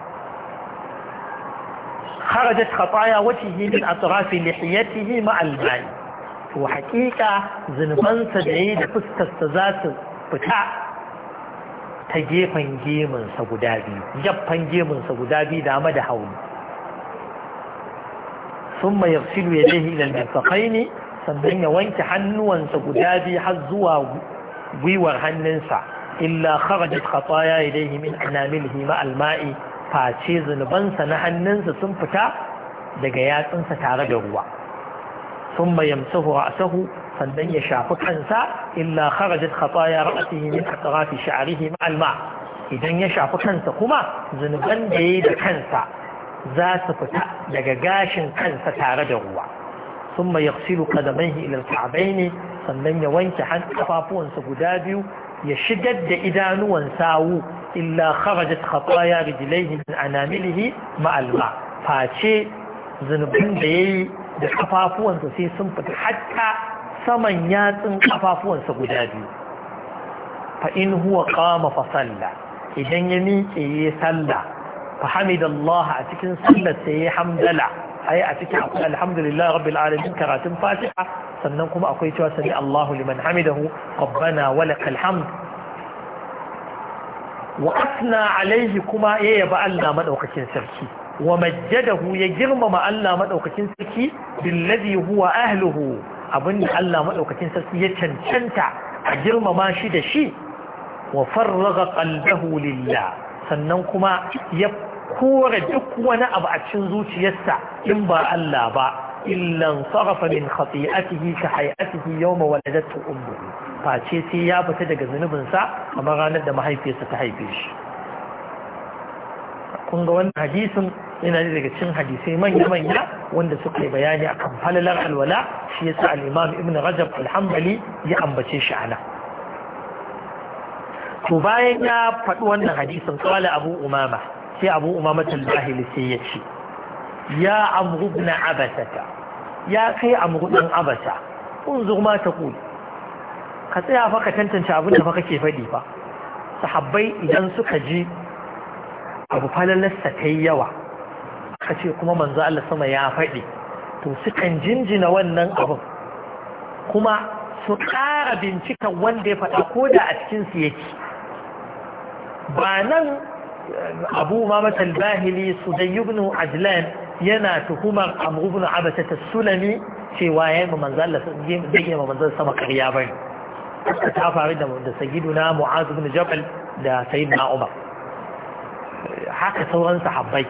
kharajat khataya wajhihi min atraf lihiyatihi ma albani to haƙiƙa zunuban sa da yi da fuskar sa za su fita ta gefen gemun sa guda biyu gefen gemun sa guda biyu ya madahawi ثم يغسل يديه الى المرفقين sannan ya wanke hannuwansa guda biyu har zuwa gwiwar hannunsa illa kharajat khataya ilayhi min anamilihi ma alma'i face zunubansa na hannunsa sun fita daga yatsunsa tare da ruwa thumma yamsahu ra'sahu sannan ya shafi kansa illa kharajat khataya ra'sihi min atrafi sha'rihi ma'alma idan ya shafi kansa kuma zunuban da ya yi da kansa za su fita daga gashin kansa tare da ruwa ثم يغسل قدميه الى الكعبين ثم يوينك حتى تفافو ان سكدابيو يشدد إ ذ ا نو انساو إ ل ا خرجت خطايا رجليه من أ ن ا م ل ه مع الماء فاشي زنبن بيي تفافو ان تسي سمبت حتى سمنيات تفافو ان سكدابيو ف هو قام فصلى إ يميك اي فحمد الله ت ك ن صلى ai a cikin akwai alhamdulillah rabbil alamin karatun fatiha sannan kuma akwai cewa Allahu liman hamidahu rabbana wa lakal hamd wa asna alaihi kuma ya yaba Allah madaukakin sarki wa majjadahu ya girmama Allah madaukakin sarki billazi huwa ahluhu abinda Allah madaukakin sarki ya cancanta a girmama shi da shi wa farraga qalbahu lillah sannan kuma ya kore duk wani abu a cikin zuciyarsa in ba Allah ba illan sarafa min khati'atihi ka hay'atihi yawma waladatu ummuhu face sai ya fita daga zunubinsa kamar ranar da mahaifiyarsa ta haife shi kun ga wannan hadisin yana ne daga cikin hadisai manya-manya wanda suka yi bayani akan falalar alwala shi yasa al-imam ibn rajab alhambali ya ambace shi ana to bayan ya faɗi wannan hadisin qala abu umama sai abu umamatul bahili sai ya ce ya amru abasata ya kai amru dan abasa unzur ta taqul ka tsaya fa ka tantance abin da fa kake faɗi fa sahabbai idan suka ji abu falalasta ta yi yawa kace ce kuma manzo Allah sama ya faɗi to sukan jinjina wannan abin kuma su ƙara bincikan wanda ya faɗa ko da a su yake ba nan abu mamatal bahili su da yubnu ajlan yana tuhumar amru abata ta sulami cewa ya yi ma manzan Allah zai iya ma manzan sama karya bai ta faru da da sayyiduna mu'az ibn jabal da umar haka sauran sahabbai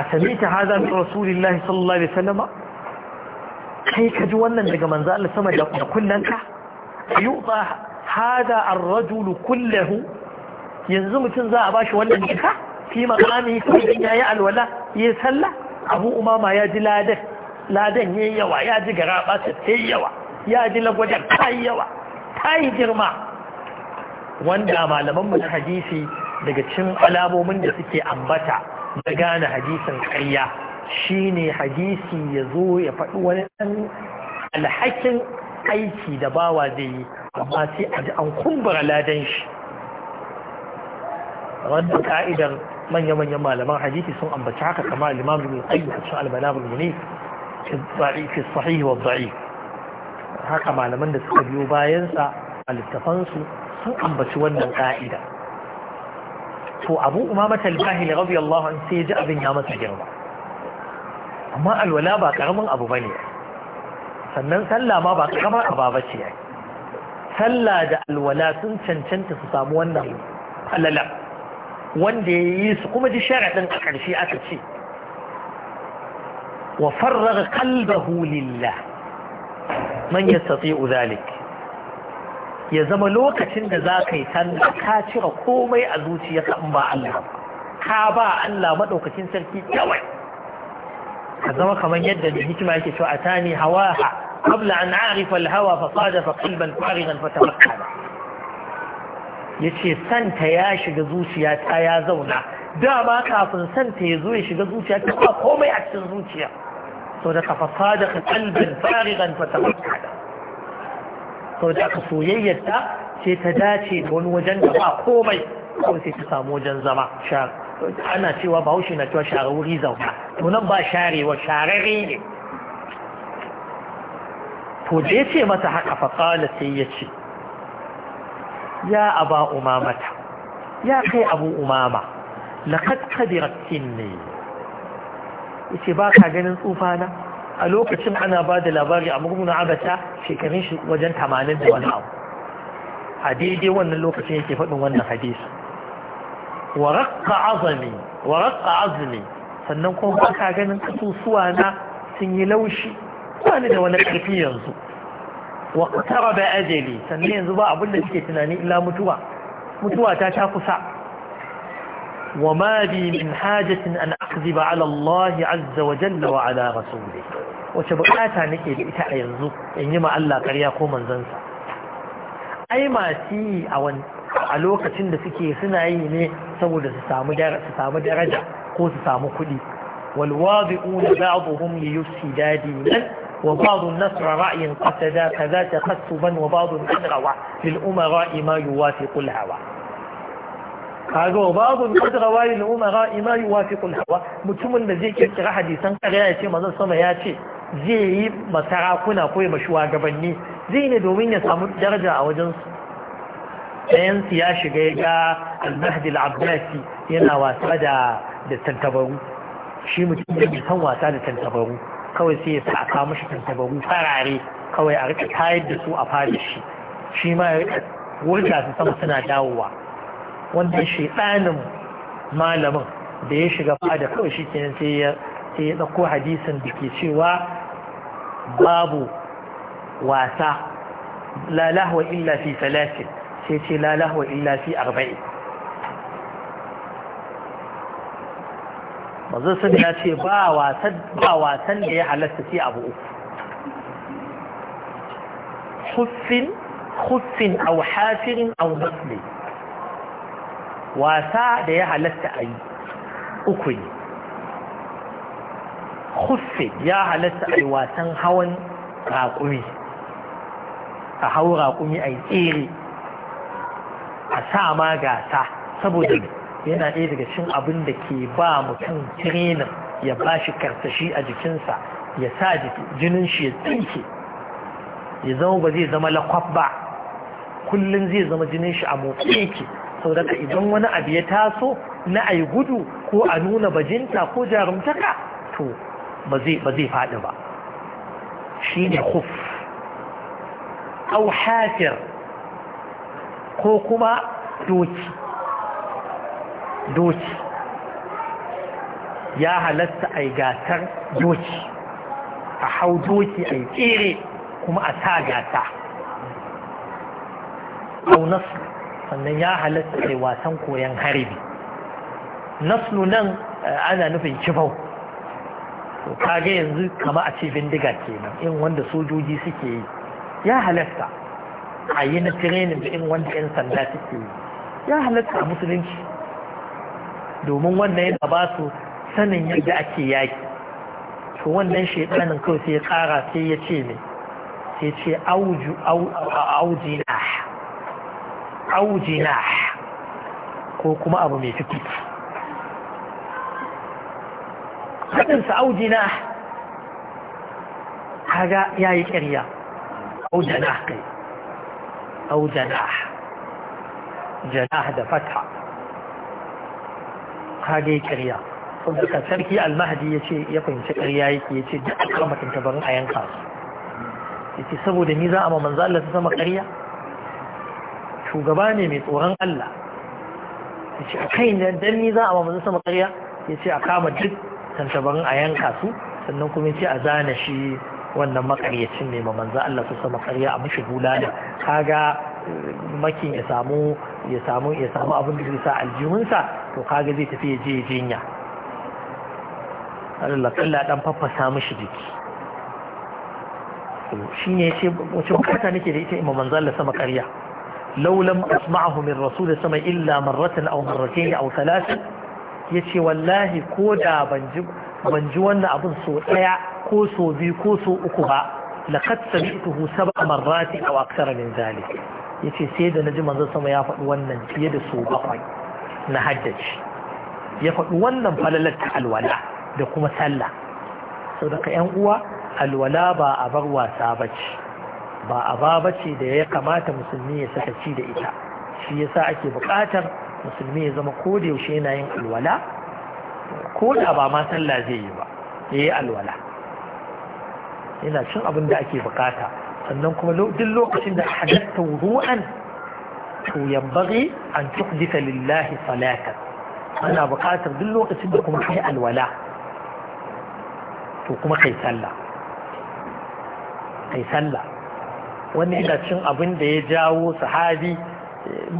أسميت هذا من رسول الله صلى الله عليه وسلم كي كجوانا لك منزال سمجا كلنك يؤطى hada ar-rajulu kullahu yanzu mutum za a bashi wannan jika fi maqami sai ya yi alwala ya salla abu umama ya ji ladan ladan yayi yawa ya ji garaba ta yawa ya ji lagwajar ta yawa ta yi girma wanda malaman mu na hadisi daga cikin alamomin da suke ambata da gane hadisin ƙarya shine hadisi ya zo ya faɗi wani ɗan alhakin aiki da bawa zai yi amma sai a ji an kumbura ladan shi wannan ka'idar manya-manyan malaman hadisi sun ambaci haka kama limam ibn qayyim a cikin al-balagh al-munif fi sahih wa dha'if haka malaman da suka biyo bayansa, sa a littafansu sun ambaci wannan ka'ida to abu umamata al-bahili radiyallahu anhu sai ya ji abin ya masa girma amma alwala ba karamin abu bane sannan sallah ma ba kamar a ba ce sallah da alwala sun cancanta su samu wannan falala wanda ya yi su kuma ji sharaɗin a ƙarshe aka ce wa farraga kalbahu lillah man yastati'u zalik ya zama lokacin da za ka yi sallah ka cire komai a zuciya in ba Allah ka ba Allah maɗaukacin sarki kawai ka zama kamar yadda da hikima yake cewa hawa ha. قبل أن أعرف الهوى فصادف فقلبا فارغا فتمكن يتشي سنت يا شغزوشي يا زونا دعما كافن سنت يزوشي غزوشي كفاف هم يأكسن زوشي صدق فصاد قلبا فارغا فتمكن صدق سويا يتا تتداتي من وجن جماع قومي قلت تسامو جن زماع شاك أنا تيوا باوشي نتوا شاروري زوما تنبا شاري وشارغيني Ko da ya ce masa haka faƙala sai ya ce ya aba umamata ya kai abu umama da kadirar ne Ya ce ba ka ganin tsufana a lokacin ana ba da labari a murmuna abata shekarun shi wajen tamanin da wani abu a daidai wannan lokacin yake faɗin wannan hadisi wa raƙa azumi sannan kuma ba ka ganin kasusuwa na sun yi laushi ba ni da wani ƙarfi yanzu wa tara ba ajali sannan yanzu ba abinda suke tunani illa mutuwa mutuwa ta ta kusa wa ma bi min hajatin an akziba ala Allah azza wa jalla wa ala rasulih wace bukata nake da ita a yanzu in yi ma Allah ƙarya ko manzansa ai masu yi a lokacin da suke suna yi ne saboda su samu daraja ko su samu kuɗi والواضعون بعضهم ليفسدا dadi وبعض النصر رأي قسد كذا تخسبا وبعض أن روى للأمراء ما يوافق الهوى kaga wa babu qad rawayil al-umara ma yuwafiqu al-hawa mutumin da zai kirkira hadisan ƙarya ya ce manzon sama ya ce zai yi masarakuna ko ya gabanni zai ne domin ya samu daraja a wajen su ɗayan ya shiga ya ga al-mahdi al-abbasi yana wasa da tantabaru shi mutum ne san wasa da tantabaru kawai sai ya sa a kawo mashi tantabaru farare kawai a rika tayar da su a fara shi shi ma ya wurga su sama suna dawowa wanda tsanin malamin da ya shiga fada kawai shi kenan sai ya sai ya ɗauko hadisin da ke cewa babu wasa la lahwa illa fi salatin sai ce la lahwa illa fi arba'in manzo sun ya ce ba wasan da ya halatta sai abu uku khuffin khuffin aw hafirin aw nasli wasa da ya halatta yi uku ne khuffi ya halatta yi wasan hawan raƙumi a hau raƙumi a yi tsere a sa ma gasa saboda yana ɗaya daga cin abin da ke ba mutum tirenin ya ba shi karsashi a jikinsa ya sa jinin shi ya tsinke ya zama ba zai zama lakwab ba kullum zai zama jinin shi a motsi yake sau daga idan wani abu ya taso na a gudu ko a nuna bajinta ko jarumtaka to ba zai faɗi ba shi ne huf au hafir ko kuma doki doki ya halatta a gatar doki a hau doki a tsere kuma a sa gata au nasu sannan ya halatta a wasan koyon harbi nasu nan eh, ana nufin kibau kage yanzu kama a ce bindiga kenan in wanda sojoji suke yi ya halatta a yi na tirenin da in wanda 'yan sanda suke yi ya halatta a musulunci domin wannan yana ba su sanin yadda ake yaki to wannan shaidanin kawai sai ya kara sai ya ce ne sai ce auju aujina aujina ko kuma abu mai fikiti haɗinsa aujina haga ya yi ƙarya na kai na jana da fata kage kariya sun suka sarki almahadi ya ce ya fahimci kariya yake ya ce duk a kama tantabarin a yanka su ya ce saboda ni za a ma Allah su sama kariya shugaba ne mai tsoron Allah ya ce a kai ne dan ni za a ma sama kariya ya ce a kama duk tantabarin a yanka su sannan kuma ya ce a zana shi wannan makaryacin ne ma Allah su sama kariya a mashi hula ne kaga makin ya samu ya samu ya samu abin da zai sa aljihunsa to kaga zai tafi ya je jinya Allah kalla dan faffasa mishi jiki to shine yace wace bukata nake da ita imam manzo Allah sama ƙarya law lam asma'ahu min rasul sama illa marratan aw marratayn aw thalatha yace wallahi ko da ban ji ban ji wannan abin so daya ko so biyu ko so uku ba laqad sami'tuhu sab'a marrati aw akthara min zalik ya ce sai da na ji manzon sama ya faɗi wannan fiye da so bakwai na haddace ya faɗi wannan falalar ta alwala da kuma sallah sau daga yan uwa alwala ba a bar wasa ba ce ba a ba ba ce da ya kamata musulmi ya saka ci da ita shi yasa ake buƙatar musulmi ya zama ko da yaushe yana yin alwala ko da ba ma sallah zai yi ba ya yi alwala yana cin abin da ake buƙata sannan kuma duk lokacin da hadatta wudu'an to bari an tuhdisa lillahi salatan ana buƙatar duk lokacin da kuma kai alwala to kuma kai sallah kai sallah ina cin abin da ya jawo sahabi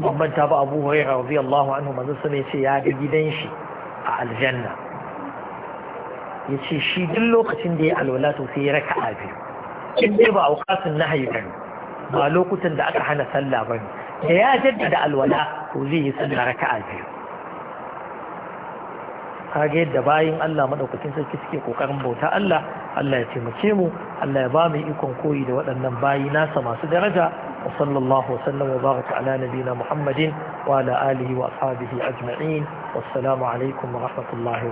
bambanta ba abu hurairah radiyallahu anhu manzo sai ce ya ga gidan shi a aljanna ya ce shi duk lokacin da ya alwala to sai ya raka biyu in ne ba auqatin nahyi ba ba lokutan da aka hana sallah ba da ya jaddada alwala to zai yi sallah a biyu kage yadda bayin Allah madaukakin sarki suke kokarin bauta Allah Allah ya taimake mu Allah ya ba mu ikon koyi da waɗannan bayi nasa masu daraja wa sallallahu wa baraka ala nabiyina Muhammadin wa ala alihi wa ashabihi ajma'in wassalamu alaikum wa rahmatullahi